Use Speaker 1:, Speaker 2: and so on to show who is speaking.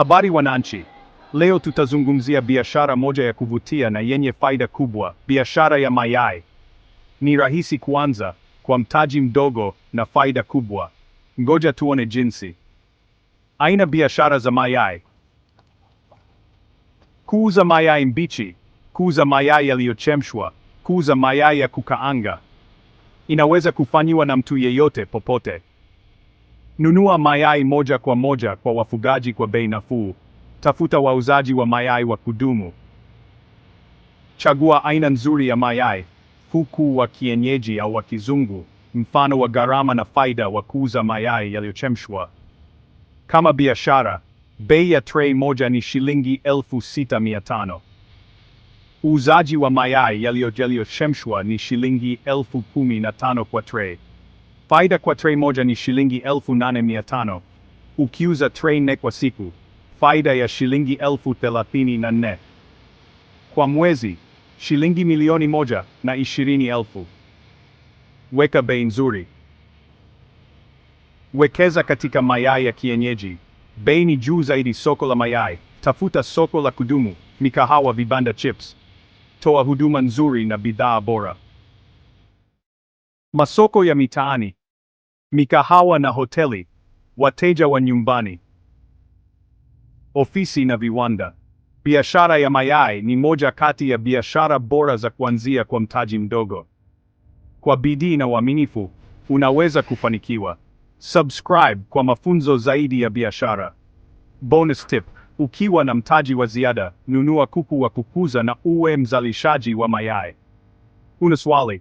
Speaker 1: Habari wananchi, leo tutazungumzia biashara moja ya kuvutia na yenye faida kubwa, biashara ya mayai. Ni rahisi kuanza kwa mtaji mdogo na faida kubwa. Ngoja tuone jinsi. Aina biashara za mayai: kuuza mayai mbichi, kuuza mayai yaliyochemshwa, kuuza mayai ya kukaanga. Inaweza kufanywa na mtu yeyote popote. Nunua mayai moja kwa moja kwa wafugaji kwa bei nafuu. Tafuta wauzaji wa mayai wa kudumu. Chagua aina nzuri ya mayai, kuku wa kienyeji au wa kizungu, mfano wa gharama na faida wa kuuza mayai yaliyochemshwa. Kama biashara, bei ya tray moja ni shilingi elfu sita mia tano. Uuzaji wa mayai yaliyochemshwa ni shilingi elfu kumi na tano kwa tray. Faida kwa trei moja ni shilingi elfu nane mia tano. Ukiuza trei nne kwa siku, faida ya shilingi elfu thelathini na nne. Kwa mwezi, shilingi milioni moja na ishirini elfu. Weka bei nzuri. Wekeza katika mayai ya kienyeji. Bei ni juu zaidi soko la mayai. Tafuta soko la kudumu, mikahawa, vibanda chips. Toa huduma nzuri na bidhaa bora. Masoko ya mitaani mikahawa na hoteli, wateja wa nyumbani, ofisi na viwanda. Biashara ya mayai ni moja kati ya biashara bora za kuanzia kwa mtaji mdogo. Kwa bidii na uaminifu, unaweza kufanikiwa. Subscribe kwa mafunzo zaidi ya biashara. Bonus tip: ukiwa na mtaji wa ziada, nunua kuku wa kukuza na uwe mzalishaji wa mayai. Una swali?